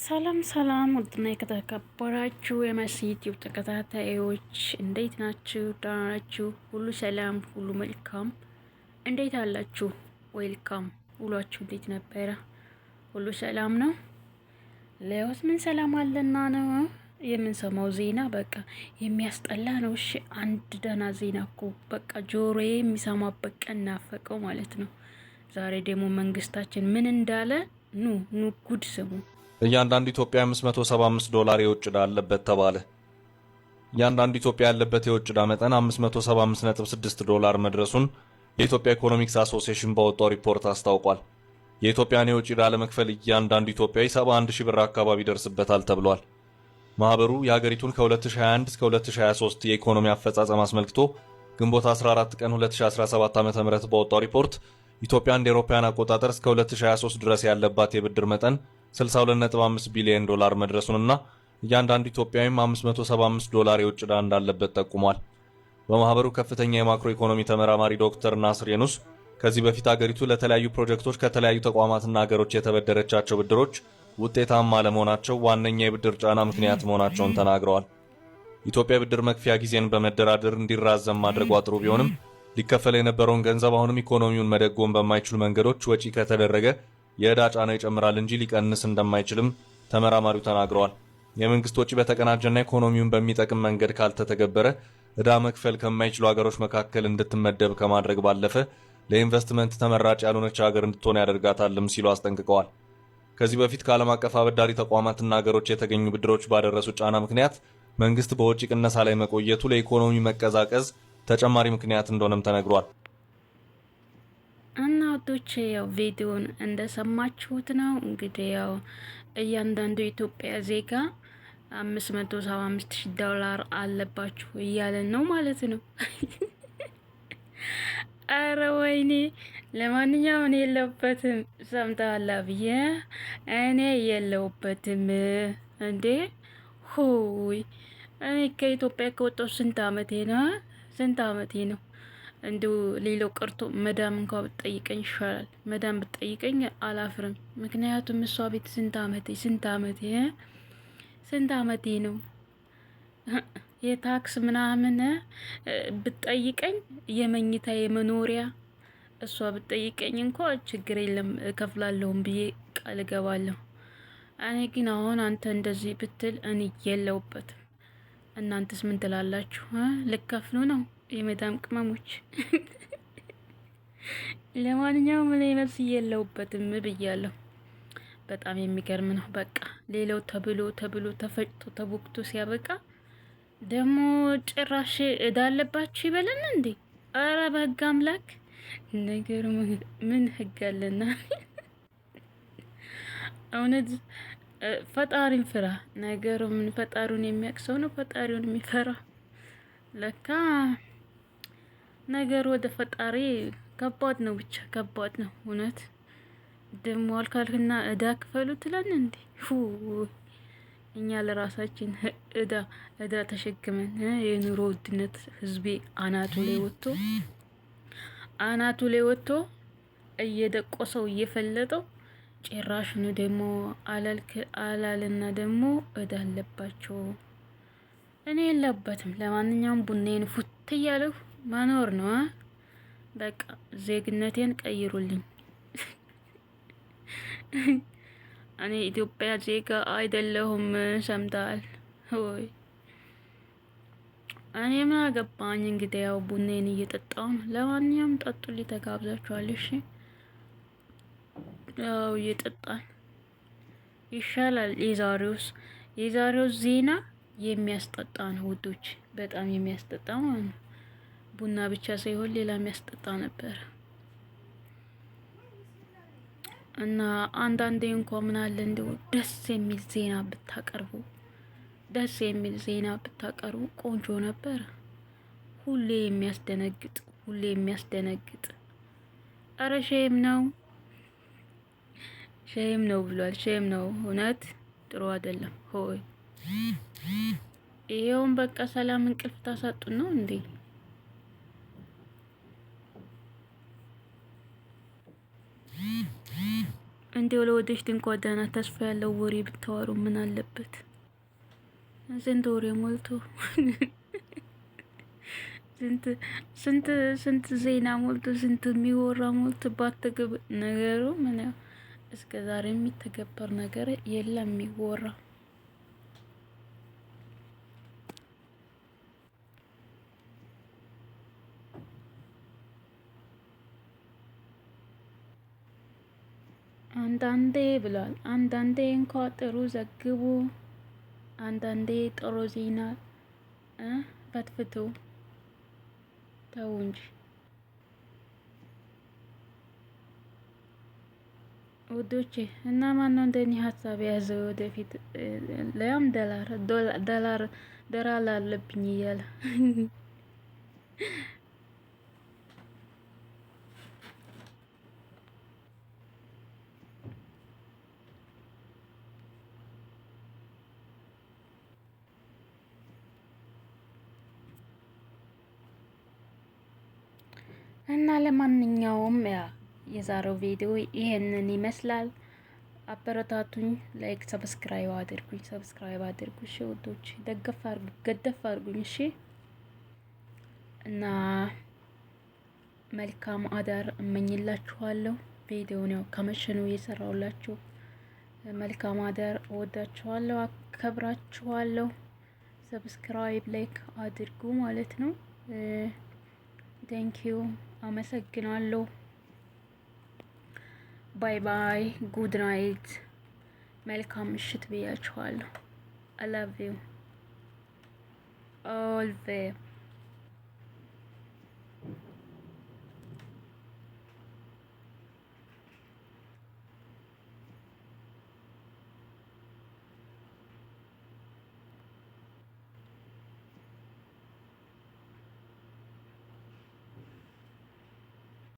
ሰላም ሰላም፣ ውድና የተከበራችሁ የመሲ ዩቲዩብ ተከታታዮች እንዴት ናችሁ? ደህና ናችሁ? ሁሉ ሰላም፣ ሁሉ መልካም። እንዴት አላችሁ? ዌልካም። ውሏችሁ እንዴት ነበረ? ሁሉ ሰላም ነው? ለውስ ምን ሰላም አለና ነው የምንሰማው ዜና በቃ የሚያስጠላ ነው። እሺ አንድ ደህና ዜና እኮ በቃ ጆሮ የሚሰማበት ቀን ናፈቀው ማለት ነው። ዛሬ ደግሞ መንግስታችን ምን እንዳለ ኑ ኑ ጉድ ስሙ። እያንዳንዱ ኢትዮጵያ 575 ዶላር የውጭ ዕዳ አለበት ተባለ። እያንዳንዱ ኢትዮጵያ ያለበት የውጭ ዕዳ መጠን 575.6 ዶላር መድረሱን የኢትዮጵያ ኢኮኖሚክስ አሶሲሽን ባወጣው ሪፖርት አስታውቋል። የኢትዮጵያን የውጭ ዕዳ ለመክፈል እያንዳንዱ ኢትዮጵያዊ 71 ሺህ ብር አካባቢ ይደርስበታል ተብሏል። ማኅበሩ የአገሪቱን ከ2021 እስከ 2023 የኢኮኖሚ አፈጻጸም አስመልክቶ ግንቦት 14 ቀን 2017 ዓ ም ባወጣው ሪፖርት ኢትዮጵያ እንደ ኤሮፓውያን አቆጣጠር እስከ 2023 ድረስ ያለባት የብድር መጠን 62.5 ቢሊዮን ዶላር መድረሱንና እያንዳንዱ ኢትዮጵያዊም 575 ዶላር የውጭ ዕዳ እንዳለበት ጠቁሟል። በማህበሩ ከፍተኛ የማክሮ ኢኮኖሚ ተመራማሪ ዶክተር ናስር የኑስ ከዚህ በፊት አገሪቱ ለተለያዩ ፕሮጀክቶች ከተለያዩ ተቋማትና ሀገሮች የተበደረቻቸው ብድሮች ውጤታማ አለመሆናቸው ዋነኛ የብድር ጫና ምክንያት መሆናቸውን ተናግረዋል። ኢትዮጵያ ብድር መክፊያ ጊዜን በመደራደር እንዲራዘም ማድረጉ ጥሩ ቢሆንም ሊከፈል የነበረውን ገንዘብ አሁንም ኢኮኖሚውን መደጎም በማይችሉ መንገዶች ወጪ ከተደረገ የዕዳ ጫናው ይጨምራል እንጂ ሊቀንስ እንደማይችልም ተመራማሪው ተናግረዋል። የመንግስት ወጪ በተቀናጀና ኢኮኖሚውን በሚጠቅም መንገድ ካልተተገበረ ዕዳ መክፈል ከማይችሉ ሀገሮች መካከል እንድትመደብ ከማድረግ ባለፈ ለኢንቨስትመንት ተመራጭ ያልሆነች ሀገር እንድትሆን ያደርጋታልም ሲሉ አስጠንቅቀዋል። ከዚህ በፊት ከዓለም አቀፍ አበዳሪ ተቋማትና ሀገሮች የተገኙ ብድሮች ባደረሱ ጫና ምክንያት መንግስት በወጪ ቅነሳ ላይ መቆየቱ ለኢኮኖሚ መቀዛቀዝ ተጨማሪ ምክንያት እንደሆነም ተነግሯል። እና ወዶች ያው ቪዲዮን እንደሰማችሁት ነው እንግዲህ ያው እያንዳንዱ ኢትዮጵያ ዜጋ አምስት መቶ ሰባ አምስት ዶላር አለባችሁ እያለን ነው ማለት ነው። አረ ወይኔ! ለማንኛውም እኔ የለውበትም፣ ሰምተዋላ ብዬ እኔ የለውበትም። እንዴ ሁይ! እኔ ከኢትዮጵያ ከወጣሁ ስንት አመቴ ነው? ስንት አመቴ ነው? እንዲሁ ሌላው ቀርቶ መዳም እንኳ ብትጠይቀኝ ይሻላል። መዳም ብትጠይቀኝ አላፍርም። ምክንያቱም እሷ ቤት ስንት አመቴ ስንት አመቴ ስንት አመቴ ነው የታክስ ምናምን ብትጠይቀኝ የመኝታ የመኖሪያ እሷ ብትጠይቀኝ እንኳ ችግር የለም እከፍላለሁም ብዬ ቃል እገባለሁ። እኔ ግን አሁን አንተ እንደዚህ ብትል እኔ የለውበትም። እናንተስ ምን ትላላችሁ? ልከፍሉ ነው የመዳም ቅመሞች። ለማንኛውም ላይ መልስ የለውበትም ብያለሁ። በጣም የሚገርም ነው። በቃ ሌላው ተብሎ ተብሎ ተፈጭቶ ተቦክቶ ሲያበቃ ደግሞ ጭራሽ እዳ ይበለን እንዴ? አረ በህግ አምላክ ነገር ምን ህግ አለና? እውነት ፈጣሪን ፍራ። ነገሩ ምን ፈጣሪውን የሚያውቅ ሰው ነው ፈጣሪውን የሚፈራ ለካ ነገር ወደ ፈጣሪ ከባድ ነው። ብቻ ከባድ ነው እውነት። ደግሞ አልካልክና እዳ ክፈሉ ትለን እንዴ? እኛ ለራሳችን እዳ እዳ ተሸክመን የኑሮ ውድነት ህዝቤ አናቱ ላይ ወጥቶ አናቱ ላይ ወጥቶ እየደቆሰው እየፈለጠው ጭራሽኑ ደግሞ አላልክ አላልና ደግሞ እዳ አለባቸው። እኔ የለበትም። ለማንኛውም ቡናዬን ፉት እያለሁ መኖር ነው። በቃ ዜግነቴን ቀይሩልኝ። እኔ ኢትዮጵያ ዜጋ አይደለሁም። ሰምታል ወይ? እኔ ምን አገባኝ። እንግዲህ ያው ቡኔን እየጠጣው ነው። ለማንኛውም ጠጡ ሊተጋብዛችኋል። እሺ ያው እየጠጣን ይሻላል። የዛሬውስ የዛሬው ዜና የሚያስጠጣ ነው ውዶች፣ በጣም የሚያስጠጣ ማለት ነው። ቡና ብቻ ሳይሆን ሌላ የሚያስጠጣ ነበር። እና አንዳንዴ እንኳ ምን አለ እንዲሁ ደስ የሚል ዜና ብታቀርቡ ደስ የሚል ዜና ብታቀርቡ ቆንጆ ነበር። ሁሌ የሚያስደነግጥ ሁሌ የሚያስደነግጥ እረ ሸይም ነው ሸይም ነው ብሏል። ሸይም ነው እውነት ጥሩ አይደለም ሆይ ይሄውን በቃ ሰላም እንቅልፍ ታሳጡን ነው እንዴ? እንዲው ለወደች ድንቋዳና ተስፋ ያለው ወሬ ብታወሩ ምን አለበት? ስንት ወሬ ሞልቶ ስንት ስንት ዜና ሞልቶ ስንት የሚወራ ሞልቶ ባትገብ ነገሩ ምን እስከ ዛሬ የሚተገበር ነገር የለም የሚወራ አንዳንዴ ብሏል። አንዳንዴ እንኳ ጥሩ ዘግቡ፣ አንዳንዴ ጥሩ ዜና ፈትፍቱ። ተው እንጂ ውዶቼ። እና ማነው እንደኔ ሀሳብ የያዘ ወደፊት ለያም ደላር ደላር ደራላ አለብኝ እያለ እና ለማንኛውም የዛሬው ቪዲዮ ይሄንን ይመስላል። አበረታቱኝ። ላይክ፣ ሰብስክራይብ አድርጉኝ፣ ሰብስክራይብ አድርጉ። እሺ ውዶች፣ ደገፍ ገደፍ አድርጉኝ። እሺ እና መልካም አዳር እመኝላችኋለሁ። ቪዲዮ ነው ከመሸኑ ነው እየሰራሁላችሁ። መልካም አዳር። እወዳችኋለሁ፣ አከብራችኋለሁ። ሰብስክራይብ ላይክ አድርጉ ማለት ነው። ቴንኪዩ አመሰግናለሁ። ባይ ባይ፣ ጉድ ናይት፣ መልካም ምሽት ብያችኋለሁ። አላቪው ኦልቬ